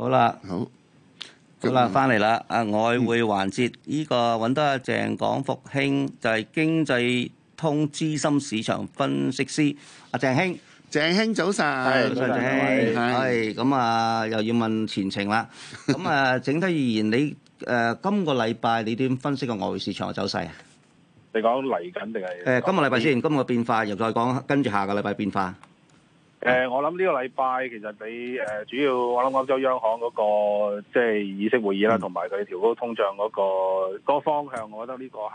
好啦，好，好啦，翻嚟啦。啊，外匯環節呢個揾到阿鄭廣復興，就係經濟通資深市場分析師阿鄭興，鄭興早晨，早晨，係咁啊，又要問前程啦。咁啊，整體而言，你誒今個禮拜你點分析個外匯市場嘅走勢啊？你講嚟緊定係誒，今個禮拜先，今個變化，又再講跟住下個禮拜變化。誒、呃，我諗呢個禮拜其實你誒、呃，主要我諗歐洲央行嗰、那個即係、就是、議息會議啦，同埋佢調高通脹嗰、那個方向，我覺得呢個係誒、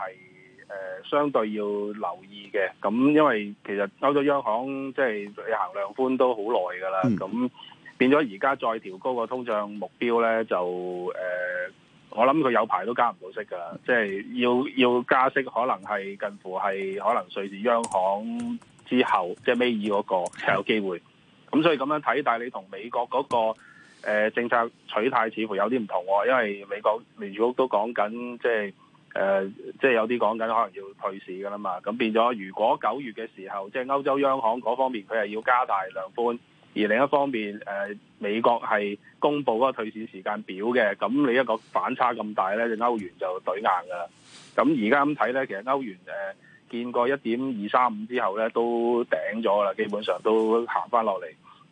呃、相對要留意嘅。咁因為其實歐洲央行即係、就是、行量寬都好耐㗎啦，咁、嗯、變咗而家再調高個通脹目標咧，就誒、呃，我諗佢有排都加唔到息㗎，即、就、係、是、要要加息，可能係近乎係可能瑞士央行。之後即係 May 二嗰個係有機會，咁所以咁樣睇，但係你同美國嗰、嗰個、呃、政策取態似乎有啲唔同，因為美國聯儲局都講緊即係誒，即係、呃、有啲講緊可能要退市噶啦嘛，咁變咗如果九月嘅時候即係歐洲央行嗰方面佢係要加大量寬，而另一方面誒、呃、美國係公佈嗰個退市時間表嘅，咁你一個反差咁大咧，令歐元就對硬㗎。咁而家咁睇咧，其實歐元誒。呃見過一點二三五之後咧，都頂咗啦，基本上都行翻落嚟。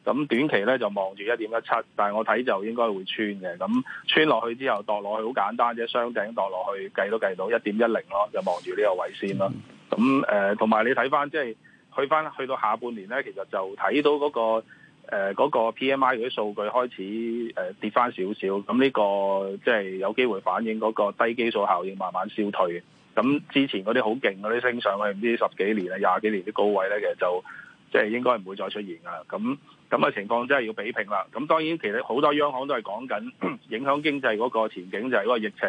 咁短期咧就望住一點一七，但係我睇就應該會穿嘅。咁穿落去之後，墮落去好簡單啫，雙頂墮落去計都計到一點一零咯，就望住呢個位先咯。咁誒，同、呃、埋你睇翻即係去翻去到下半年咧，其實就睇到嗰、嗰個誒、呃嗰個 PMI 嗰啲數據開始誒、呃、跌翻少少。咁呢、呢個即係、就是、有機會反映嗰個低基數效應慢慢消退。咁之前嗰啲好勁嗰啲升上去，唔知十幾年啊、廿幾年啲高位咧，其實就即係、就是、應該唔會再出現㗎。咁咁嘅情況真係要比拼啦。咁當然其實好多央行都係講緊影響經濟嗰個前景就係嗰個疫情，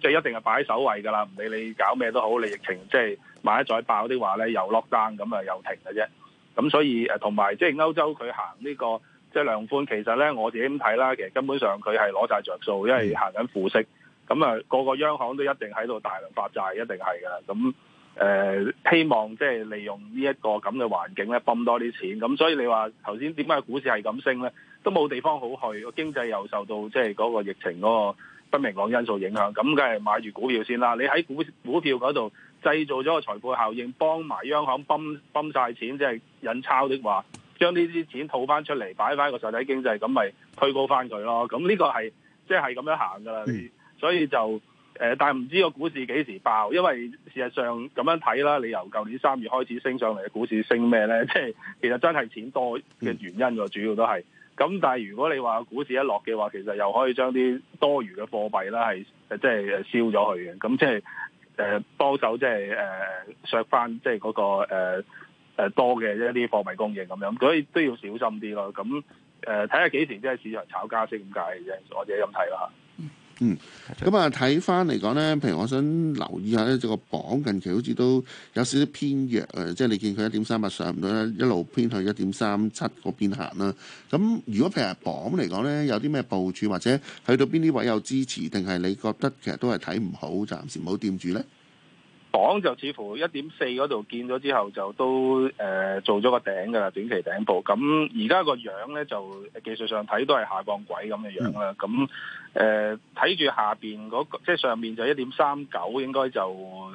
即、就、係、是、一定係擺首位㗎啦。唔理你搞咩都好，你疫情即係萬一再爆啲話咧，又落單咁啊，又停嘅啫。咁所以誒，同埋即係歐洲佢行呢、這個即係量寬，其實咧我自己咁睇啦，其實根本上佢係攞晒着數，因為行緊負息。咁啊，個個央行都一定喺度大量發債，一定係噶。咁誒、呃，希望即係利用呢一個咁嘅環境咧，泵多啲錢。咁所以你話頭先點解股市係咁升咧？都冇地方好去，經濟又受到即係嗰個疫情嗰個不明朗因素影響。咁梗係買住股票先啦。你喺股股票嗰度製造咗個財富效應，幫埋央行泵泵曬錢，即係引鈔的話，將呢啲錢套翻出嚟，擺翻個實體經濟，咁咪推高翻佢咯。咁呢個係即係咁樣行噶啦。所以就誒、呃，但係唔知個股市幾時爆，因為事實上咁樣睇啦。你由舊年三月開始升上嚟嘅股市升咩咧？即係其實真係錢多嘅原因喎、啊，主要都係。咁但係如果你話股市一落嘅話，其實又可以將啲多餘嘅貨幣啦，係誒即係燒咗去嘅。咁即係誒多手即係誒削翻即係嗰個誒、呃、多嘅一啲貨幣供應咁樣。所以都要小心啲咯。咁誒睇下幾時即係市場炒加息咁解嘅啫。我自己咁睇啦。嗯，咁啊睇翻嚟講咧，譬如我想留意下咧，就、呢個鎊近期好似都有少少偏弱啊，即係你見佢一點三八上唔到咧，一路偏去一點三七嗰邊行啦。咁如果譬如係鎊嚟講咧，有啲咩部署，或者去到邊啲位有支持，定係你覺得其實都係睇唔好，暫時唔好掂住咧？磅，就似乎一點四嗰度，見咗之後就都誒、呃、做咗個頂噶啦，短期頂部。咁而家個樣咧就，技術上睇都係下降軌咁嘅樣啦。咁誒睇住，下邊、嗰個即係上面就一點三九，應該就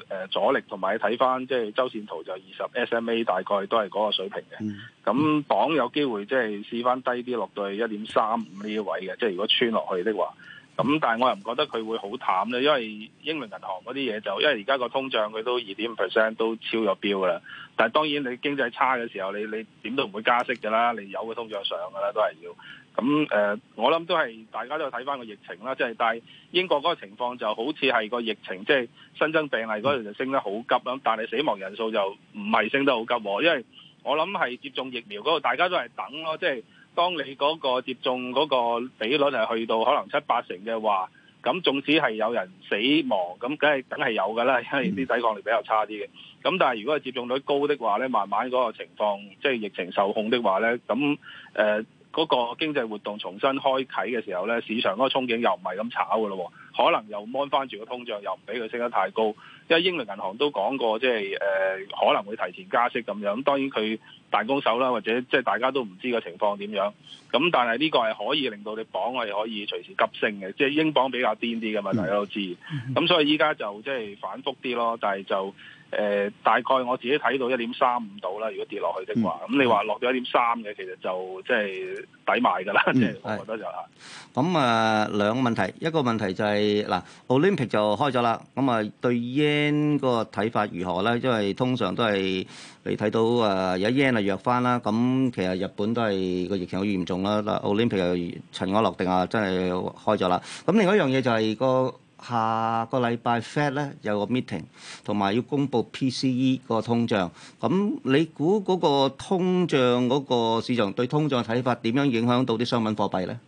誒阻力同埋睇翻即係周線圖，就二十 SMA 大概都係嗰個水平嘅。咁磅、嗯、有機會即係試翻低啲落到去一點三五呢一位嘅，即係如果穿落去的話。咁但係我又唔覺得佢會好淡咧，因為英倫銀行嗰啲嘢就因為而家個通脹佢都二點五 percent 都超咗標㗎啦。但係當然你經濟差嘅時候，你你點都唔會加息㗎啦，你有個通脹上㗎啦都係要。咁誒，呃，我諗都係大家都要睇翻個疫情啦，即係，但係英國嗰個情況就好似係個疫情，即係新增病例嗰陣就升得好急咁，但係死亡人數就唔係升得好急，因為我諗係接種疫苗嗰度大家都係等咯，即係。當你嗰個接種嗰個比率係去到可能七八成嘅話，咁縱使係有人死亡，咁梗係梗係有㗎啦，因為啲抵抗力比較差啲嘅。咁但係如果係接種率高的話咧，慢慢嗰個情況即係、就是、疫情受控的話咧，咁誒嗰個經濟活動重新開啓嘅時候咧，市場嗰個憧憬又唔係咁炒㗎咯喎。可能又掹翻住個通脹，又唔俾佢升得太高，因為英倫銀行都講過，即係誒可能會提前加息咁樣。當然佢大攻手啦，或者即係大家都唔知個情況點樣。咁但係呢個係可以令到你鎊係可以隨時急升嘅，即係英鎊比較癲啲嘅嘛，大家都知。咁所以依家就即係反覆啲咯，但係就。誒、呃、大概我自己睇到一點三五度啦，如果跌落去的話，咁、嗯嗯、你話落咗一點三嘅，其實就即係抵買㗎啦，即係我覺得就係。咁 的啊兩個問題，一個問題就係、是、嗱，Olympic 就開咗啦。咁啊對 yen 個睇法如何咧？因為通常都係你睇到啊，有、呃、yen 啊弱翻啦。咁其實日本都係個疫情好嚴重啦。但 Olympic 又塵埃落定啊，真係開咗啦。咁另外一樣嘢就係個。下個禮拜 Fed 咧有個 meeting，同埋要公布 PCE 個通脹，咁你估嗰個通脹嗰個市場對通脹嘅睇法點樣影響到啲商品貨幣咧？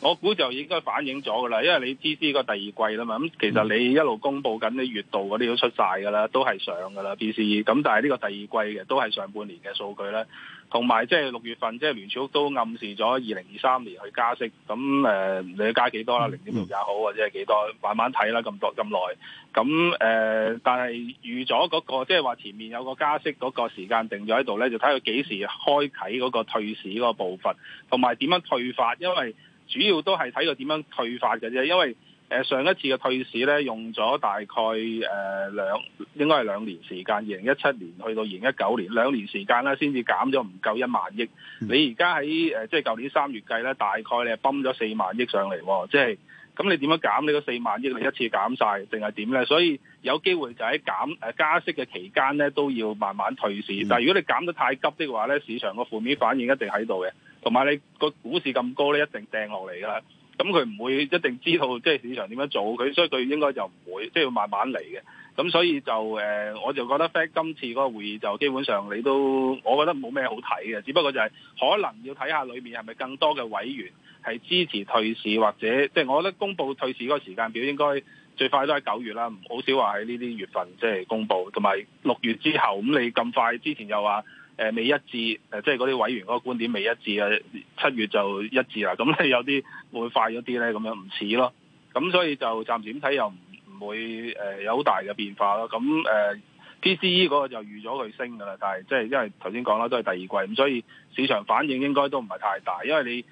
我估就應該反映咗噶啦，因為你知呢個第二季啦嘛，咁其實你一路公布緊啲月度嗰啲都出晒噶啦，都係上噶啦，P C E。咁但係呢個第二季嘅都係上半年嘅數據咧，同埋即係六月份即係聯儲局都暗示咗二零二三年去加息，咁誒你加幾多啦？零點六也好，或者係幾多？慢慢睇啦，咁多咁耐。咁誒、呃，但係預咗嗰個即係話前面有個加息嗰個時間定咗喺度咧，就睇佢幾時開啓嗰個退市嗰個部分，同埋點樣退法，因為。主要都係睇佢點樣退發嘅啫，因為誒、呃、上一次嘅退市咧，用咗大概誒兩、呃、應該係兩年時間，二零一七年去到二零一九年兩年時間啦，先至減咗唔夠一萬億。嗯、你而家喺誒即係舊年三月計咧，大概你係崩咗四萬億上嚟喎、哦，即係咁你點樣減你個四萬億？你一次減晒？定係點咧？所以有機會就喺減誒加息嘅期間咧，都要慢慢退市。嗯、但係如果你減得太急的話咧，市場個負面反應一定喺度嘅。同埋你個股市咁高咧，一定掟落嚟㗎啦。咁佢唔會一定知道即係市場點樣做，佢所以佢應該就唔會即係、要、慢慢嚟嘅。咁、嗯、所以就誒、呃，我就覺得 Fed，今次嗰個會議就基本上你都，我覺得冇咩好睇嘅。只不過就係可能要睇下裡面係咪更多嘅委員係支持退市或者，即、就、係、是、我覺得公佈退市嗰個時間表應該最快都係九月啦，唔好少話喺呢啲月份即係公佈，同埋六月之後咁你咁快之前又話。誒、呃、未一致，誒、呃、即係嗰啲委員嗰個觀點未一致啊，七月就一致啦，咁、嗯、咧有啲會快咗啲咧，咁樣唔似咯，咁、嗯、所以就暫時點睇又唔唔會誒、呃、有好大嘅變化咯，咁誒 PCE 嗰個就預咗佢升㗎啦，但係即係因為頭先講啦，都係第二季，咁所以市場反應應該都唔係太大，因為你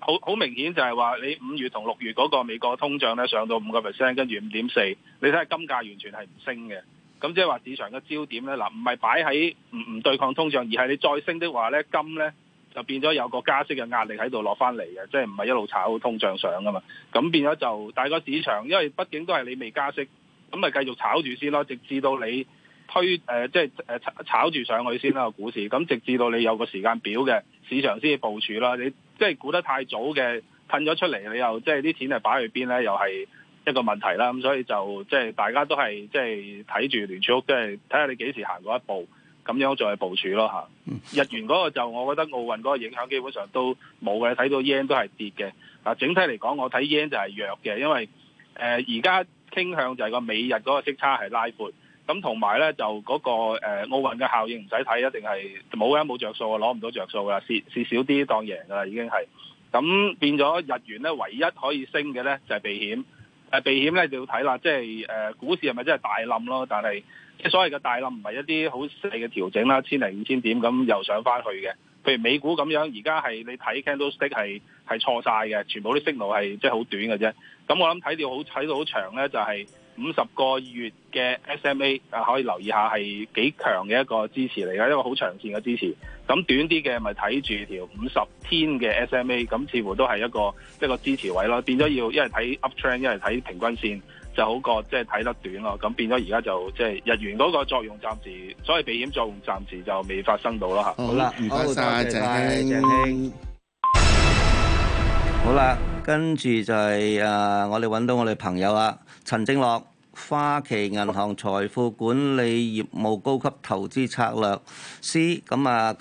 好好明顯就係話你五月同六月嗰個美國通脹咧上到五個 percent，跟住五點四，4，你睇下金價完全係唔升嘅。咁即係話市場嘅焦點咧，嗱唔係擺喺唔唔對抗通脹，而係你再升的話咧，金咧就變咗有個加息嘅壓力喺度落翻嚟嘅，即係唔係一路炒通脹上噶嘛？咁變咗就，但係個市場，因為畢竟都係你未加息，咁咪繼續炒住先咯，直至到你推誒、呃、即係誒炒住上去先啦股市。咁直至到你有個時間表嘅市場先至部署啦。你即係估得太早嘅褪咗出嚟，你又即係啲錢係擺去邊咧？又係。一個問題啦，咁所以就即係大家都係即係睇住聯儲局，即係睇下你幾時行過一步，咁樣再部署咯嚇、啊。日元嗰個就，我覺得奧運嗰個影響基本上都冇嘅，睇到 yen 都係跌嘅。嗱、啊，整體嚟講，我睇 yen 就係弱嘅，因為誒而家傾向就係個美日嗰、啊個息差係拉闊，咁同埋咧就嗰個誒奧運嘅效應唔使睇，一定係冇嘅冇着數，攞唔到着數噶，蝕蝕少啲當贏噶啦已經係。咁、啊、變咗日元咧，唯一可以升嘅咧就係、係、避險。誒、呃、避險咧就要睇啦，即係誒、呃、股市係咪真係大冧咯？但係即係所謂嘅大冧唔係一啲好細嘅調整啦，千零五千點咁又上翻去嘅。譬如美股咁樣，而家係你睇 Candlestick 係係錯晒嘅，全部啲升路係即係好短嘅啫。咁我諗睇到好睇到好長咧，就係、是。五十個月嘅 SMA 啊，可以留意下係幾強嘅一個支持嚟嘅，一個好長線嘅支持。咁短啲嘅咪睇住條五十天嘅 SMA，咁似乎都係一個一個支持位咯。變咗要一係睇 up trend，一係睇平均線，就好過即係睇得短咯。咁變咗而家就即係日元嗰個作用暫時，所謂避險作用暫時就未發生到啦嚇。好啦，唔該曬，謝謝鄭生。好啦。跟住就係、是、誒、呃，我哋揾到我哋朋友啊，陳正犖，花旗銀行財富管理業務高級投資策略師，咁啊。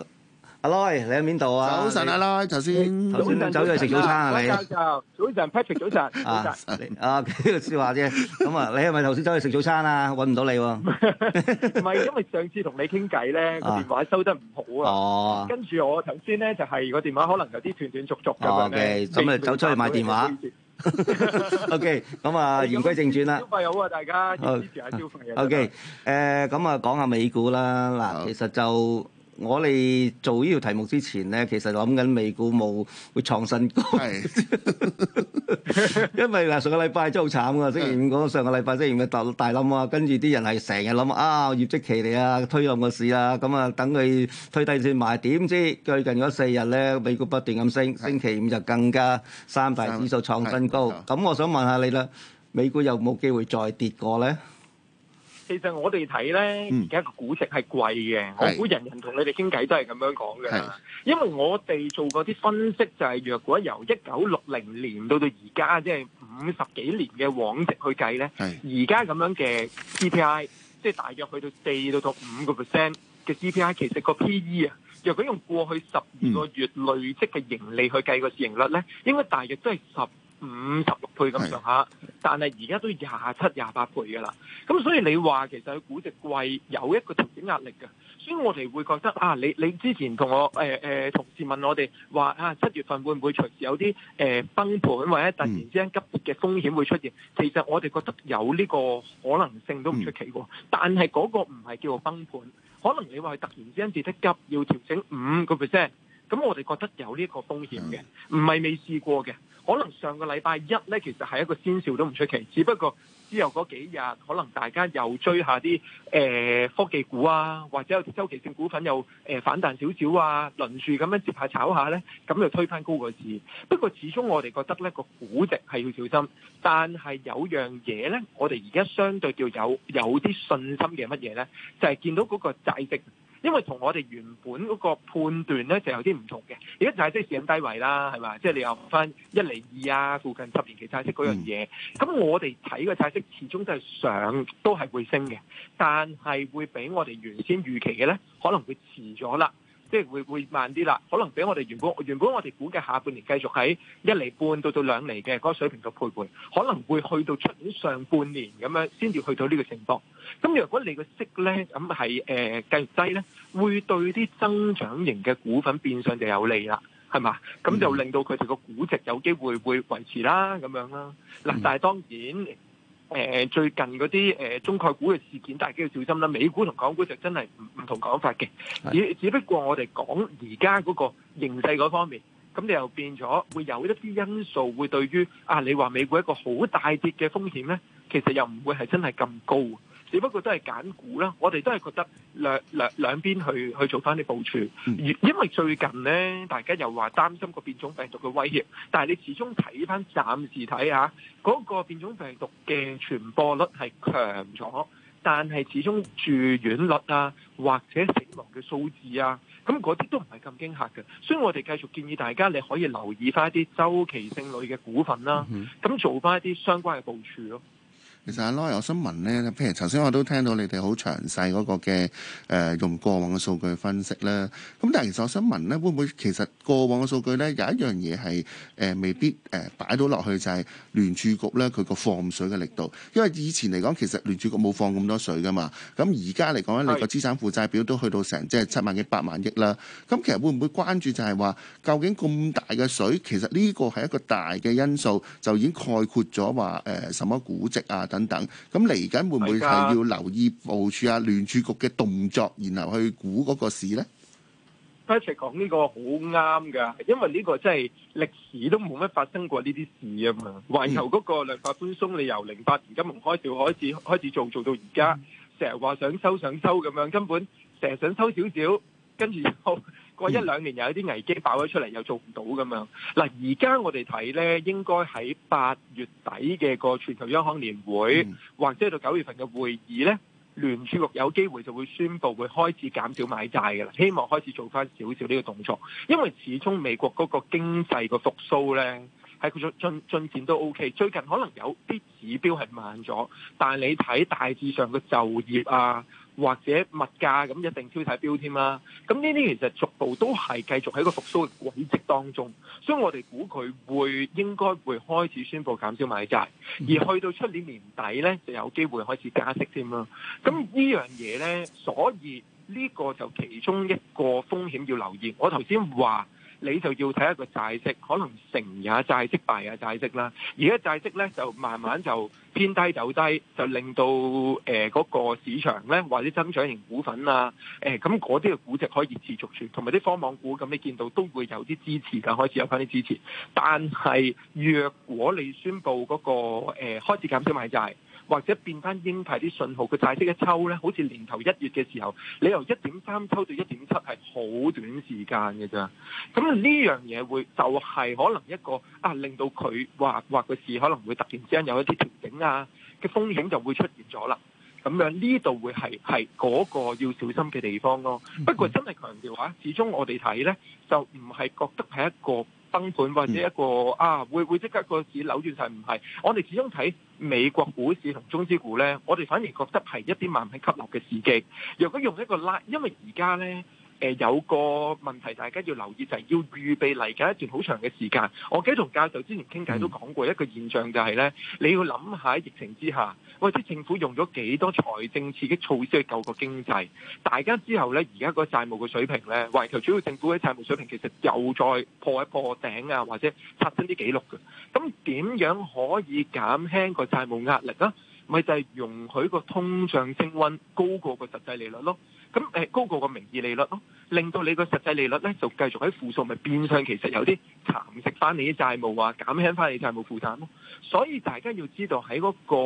阿犖，你喺邊度啊？早晨，阿犖，頭先頭先走咗去食早餐啊！你教教早晨，Patrick 早晨啊！啊，呢個說話啫。咁啊，你係咪頭先走去食早餐啊？揾唔到你喎。唔係，因為上次同你傾偈咧，個電話收得唔好啊。哦。跟住我頭先咧，就係個電話可能有啲斷斷續續咁樣。哦，OK，咁啊，走出去買電話。OK，咁啊，言歸正傳啦。招費好啊，大家支持阿招費。OK，誒，咁啊，講下美股啦。嗱，其實就。我哋做呢條題目之前咧，其實諗緊美股冇會創新高，因為嗱，上個禮拜真係好慘嘅。星期五嗰，上個禮拜星期五大大冧啊，跟住啲人係成日諗啊業績期嚟啊推冧個市啊，咁啊等佢推低先賣，點知最近嗰四日咧美股不斷咁升，星期五就更加三大指數創新高。咁我想問下你啦，美股有冇機會再跌過咧？其實我哋睇咧，而家個估值係貴嘅。我估人人同你哋傾偈都係咁樣講嘅，因為我哋做過啲分析就係，若果由一九六零年到到而家，即係五十幾年嘅往值去計咧，而家咁樣嘅 CPI，即係大約去到四到到五個 percent 嘅 CPI，其實個 P/E 啊，若果用過去十二個月累積嘅盈利去計個市盈率咧，應該大約都係十五十六倍咁上下，的但係而家都廿七、廿八倍㗎喇。咁所以你話其實佢估值貴有一個調整壓力㗎，所以我哋會覺得啊，你你之前同我誒誒、呃呃、同事問我哋話啊，七月份會唔會隨時有啲誒、呃、崩盤或者突然之間急跌嘅風險會出現？嗯、其實我哋覺得有呢個可能性都唔出奇喎。嗯、但係嗰個唔係叫做崩盤，可能你話佢突然之間跌得急要調整五個 percent。咁我哋覺得有呢一個風險嘅，唔係未試過嘅。可能上個禮拜一呢，其實係一個先兆都唔出奇。只不過之後嗰幾日，可能大家又追下啲誒、呃、科技股啊，或者有啲周期性股份又誒、呃、反彈少少啊，輪住咁樣接下炒下呢，咁就推返高個市。不過始終我哋覺得呢、這個估值係要小心，但係有樣嘢呢，我哋而家相對叫有有啲信心嘅乜嘢呢？就係、是、見到嗰個債值。因為同我哋原本嗰個判斷咧就有啲唔同嘅，而家就係即係市咁低位啦，係嘛？即係你又唔返一厘二啊，附近十年期債息嗰樣嘢，咁、嗯、我哋睇個債息始終都係上，都係會升嘅，但係會比我哋原先預期嘅咧，可能會遲咗啦。即係會會慢啲啦，可能比我哋原本原本我哋估嘅下半年繼續喺一厘半到到兩厘嘅嗰個水平嘅徘徊，可能會去到出年上半年咁樣先至去到呢個情況。咁如果你個息咧咁係誒繼續低咧，會對啲增長型嘅股份變相就有利啦，係嘛？咁就令到佢哋個估值有機會會維持啦，咁樣啦。嗱，但係當然。誒最近嗰啲誒中概股嘅事件，大家要小心啦。美股同港股就真係唔唔同講法嘅，只只不過我哋講而家嗰個形勢嗰方面，咁你又變咗會有一啲因素會對於啊，你話美股一個好大跌嘅風險咧，其實又唔會係真係咁高。只不過都係揀股啦，我哋都係覺得兩兩兩邊去去做翻啲部署，因為最近呢，大家又話擔心個變種病毒嘅威脅，但係你始終睇翻暫時睇下嗰個變種病毒嘅傳播率係強咗，但係始終住院率啊，或者死亡嘅數字啊，咁嗰啲都唔係咁驚吓嘅，所以我哋繼續建議大家你可以留意翻一啲周期性類嘅股份啦，咁做翻一啲相關嘅部署咯。其實阿 law，我想問咧，譬如頭先我都聽到你哋好詳細嗰個嘅誒、呃、用過往嘅數據分析啦。咁但係其實我想問咧，會唔會其實過往嘅數據咧，有一樣嘢係誒未必誒擺到落去，就係聯儲局咧佢個放水嘅力度。因為以前嚟講，其實聯儲局冇放咁多水㗎嘛。咁而家嚟講咧，是你個資產負債表都去到成即係七萬幾八萬億啦。咁其實會唔會關注就係話，究竟咁大嘅水，其實呢個係一個大嘅因素，就已經概括咗話誒什麼估值啊？等等，咁嚟緊會唔會係要留意部署吓聯儲局嘅動作，然後去估嗰個市咧？一齊講呢個好啱噶，因為呢個真係歷史都冇乜發生過呢啲事啊嘛。由嗰個量化寬鬆，你由零八年金融海嘯開始開始做做到而家，成日話想收想收咁樣，根本成日想收少少，跟住又。過一兩年又有啲危機爆咗出嚟，又做唔到咁樣。嗱，而 家樂、嗯、 我哋睇呢，應該喺八月底嘅個全球央行年會，或者到九月份嘅會議呢，聯儲局有機會就會宣布會開始減少買債嘅啦。希望開始做翻少少呢個動作，因為始終美國嗰個經濟嘅復甦呢，係佢進進進展都 OK。最近可能有啲指標係慢咗，但係你睇大致上嘅就業啊。或者物價咁一定超睇標添啦，咁呢啲其實逐步都係繼續喺個復甦嘅軌跡當中，所以我哋估佢會應該會開始宣布減少買債，而去到出年年底呢就有機會開始加息添啦。咁呢樣嘢呢，所以呢個就其中一個風險要留意。我頭先話你就要睇一個債息，可能成也債息，敗也債息啦。而家債息呢，就慢慢就，偏低走低，就令到誒嗰，呃那個市場咧，或者增長型股份啊，誒咁嗰啲嘅估值可以持續住，同埋啲科網股咁你見到都會有啲支持噶，開始有翻啲支持。但係若果你宣布嗰，那個誒，呃、開始減少買債，或者變翻鷹派啲信號，佢債息一抽咧，好似年頭一月嘅時候，你由一點三抽到一點七係好短時間嘅咋。咁呢樣嘢會就係，是，可能一個啊，令到佢話話個市可能會突然之間有一啲調整。啊嘅風險就會出現咗啦，咁樣呢度會係係嗰個要小心嘅地方咯。不過真係強調吓，始終我哋睇呢就唔係覺得係一個崩盤或者一個啊，會會即刻個市扭轉晒唔係。我哋始終睇美國股市同中資股呢，我哋反而覺得係一啲慢慢吸納嘅時機。若果用一個拉，因為而家呢。誒、呃、有個問題，大家要留意就係、是、要預備嚟緊一段好長嘅時間。我記得同教授之前傾偈都講過一個現象，就係呢：你要諗下喺疫情之下，或者政府用咗幾多財政刺激措施去救個經濟，大家之後呢，而家個債務嘅水平呢，環球求主要政府嘅債務水平其實又再破一破頂啊，或者刷新啲紀錄嘅。咁點樣可以減輕個債務壓力呀？咪就係、是、容許個通脹升溫高過個實際利率咯。咁誒高過個名義利率咯，令到你個實際利率咧就繼續喺負數，咪變相其實有啲蠶食翻你啲債務啊，減輕翻你債務負擔咯。所以大家要知道喺嗰個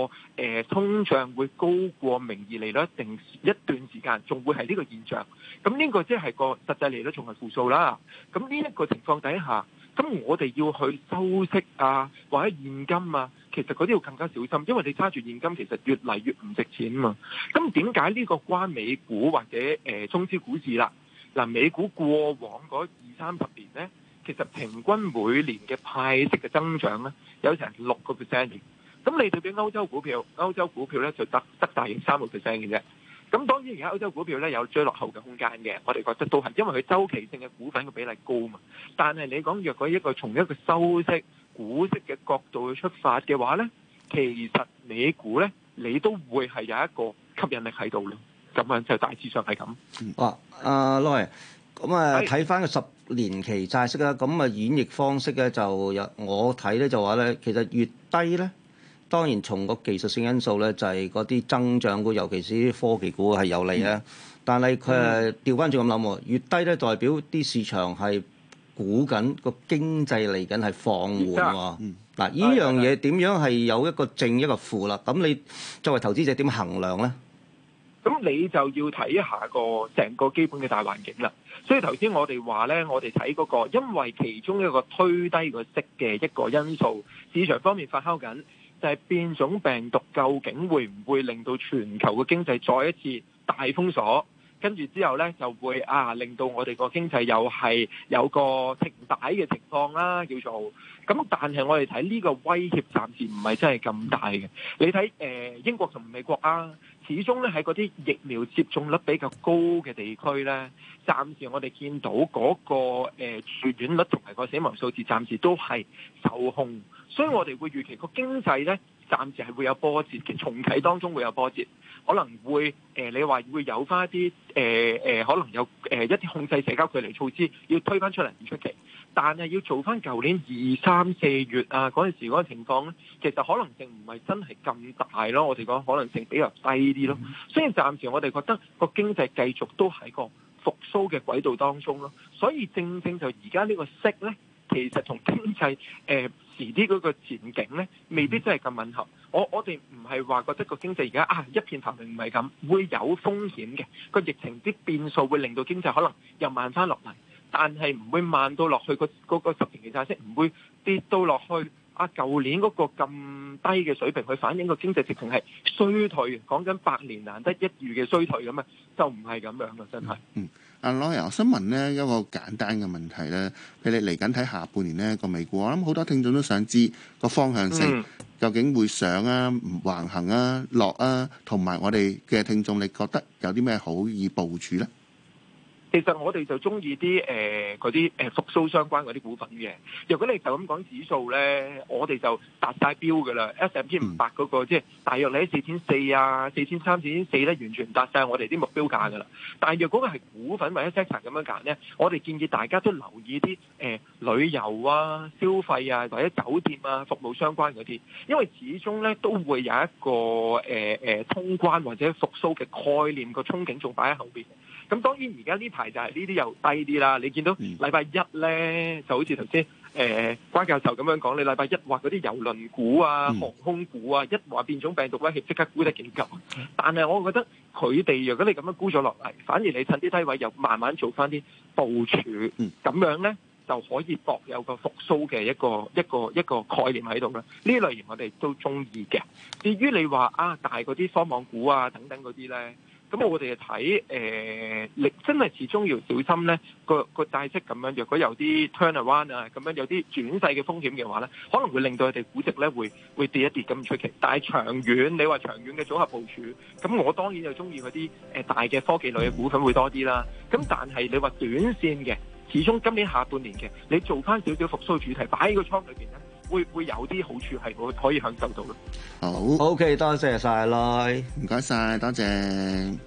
誒通脹會高過名義利率一定一段時間，仲會係呢個現象。咁呢個即係個實際利率仲係負數啦。咁呢一個情況底下，咁我哋要去收息啊，或者現金啊。其實嗰啲要更加小心，因為你揸住現金，其實越嚟越唔值錢嘛。咁點解呢個關美股或者誒、呃、中資股市啦？嗱、啊，美股過往嗰二三十年咧，其實平均每年嘅派息嘅增長咧，有成六個 percent 嘅。咁你對比歐洲股票，歐洲股票咧就得就得大約三個 percent 嘅啫。咁當然而家歐洲股票咧有追落後嘅空間嘅，我哋覺得都係，因為佢周期性嘅股份嘅比例高嘛。但係你講若果一個從一個收息。股息嘅角度去出發嘅話咧，其實你估咧，你都會係有一個吸引力喺度咯。咁樣就大致上係咁。啊，阿 Louis 咁啊睇翻個十年期債息啦，咁啊演繹方式咧就有我睇咧就話咧，其實越低咧，當然從個技術性因素咧就係嗰啲增長股，尤其是啲科技股係有利啊。嗯、但係佢係調翻轉咁諗，越低咧代表啲市場係。估緊個經濟嚟緊係放緩喎，嗱，嗯，呢樣嘢點樣係有一個正一個負啦？咁你作為投資者點衡量呢？咁你就要睇下個成個基本嘅大環境啦。所以頭先我哋話呢，我哋睇嗰個，因為其中一個推低個息嘅一個因素，市場方面發酵緊就係、是、變種病毒，究竟會唔會令到全球嘅經濟再一次大封鎖？跟住之後呢，就會啊令到我哋個經濟又係有個停擺嘅情況啦，叫做咁。但係我哋睇呢個威脅暫時唔係真係咁大嘅。你睇誒、呃、英國同美國啊，始終呢喺嗰啲疫苗接種率比較高嘅地區呢，暫時我哋見到嗰、個住院、呃、率同埋個死亡數字暫時都係受控，所以我哋會預期個經濟呢。暫時係會有波折嘅，重啟當中會有波折，可能會誒、呃，你話會有返一啲誒誒，可能有誒、呃、一啲控制社交距離措施要推返出嚟唔出奇，但係要做返舊年二三四月啊嗰陣時嗰個情況呢，其實可能性唔係真係咁大咯，我哋講可能性比較低啲咯。雖然暫時我哋覺得個經濟繼續都喺個復甦嘅軌道當中咯，所以正正就而家呢個息呢，其實同經濟誒。呃遲啲嗰個前景咧，未必真係咁吻合。我我哋唔係話覺得個經濟而家啊一片繁榮唔係咁，會有風險嘅個疫情啲變數會令到經濟可能又慢返落嚟，但係唔會慢到落去個嗰個十年期債息唔會跌到落去啊，舊年嗰個咁低嘅水平去反映個經濟直情係衰退，講緊百年難得一遇嘅衰退咁啊，就唔係咁樣啊！真係。阿犖，我想問呢，一個簡單嘅問題呢，譬如你嚟緊睇下半年呢個美股，我諗好多聽眾都想知個方向性、嗯、究竟會上啊、橫行啊、落啊，同埋我哋嘅聽眾，你覺得有啲咩好易部署呢？其實我哋就鍾意啲誒嗰啲誒復甦相關嗰啲股份嘅。如果你就咁講指數咧，我哋就達晒標噶啦。S, S&P 五百嗰個即係大約你喺四千四啊、四千三、四千四咧，完全達晒我哋啲目標價噶啦。但係若果係股份或者 set 層咁樣揀咧，我哋建議大家都留意啲誒、呃、旅遊啊、消費啊或者酒店啊服務相關嗰啲，因為始終咧都會有一個誒誒、呃呃、通關或者復甦嘅概念個憧憬仲擺喺後邊。oper poco 咁當然而家呢排就係呢啲又低啲啦，你見到禮拜一咧就好似頭先誒關教授咁樣講，你禮拜一話嗰啲郵輪股啊、航空股啊一話變種病毒咧，即刻沽得幾夠。但係我覺得佢哋如果你咁樣沽咗落嚟，反而你趁啲低位又慢慢做翻啲部署，咁樣咧就可以博有個復甦嘅一個一個一個概念喺度啦。呢類型我哋都中意嘅。至於你話啊大嗰啲方網股啊等等嗰啲咧。咁我哋又睇誒，你、呃、真係始終要小心咧。個個債息咁樣，若果有啲 turnaround 啊，咁樣有啲轉勢嘅風險嘅話咧，可能會令到佢哋估值咧會會跌一跌咁出奇。但係長遠，你話長遠嘅組合部署，咁我當然就中意嗰啲誒大嘅科技類嘅股份會多啲啦。咁但係你話短線嘅，始終今年下半年嘅，你做翻少少復甦主題擺喺個倉裏邊咧。會會有啲好處係我可以享受到咯。好，OK，多謝晒啦，唔該晒，多謝。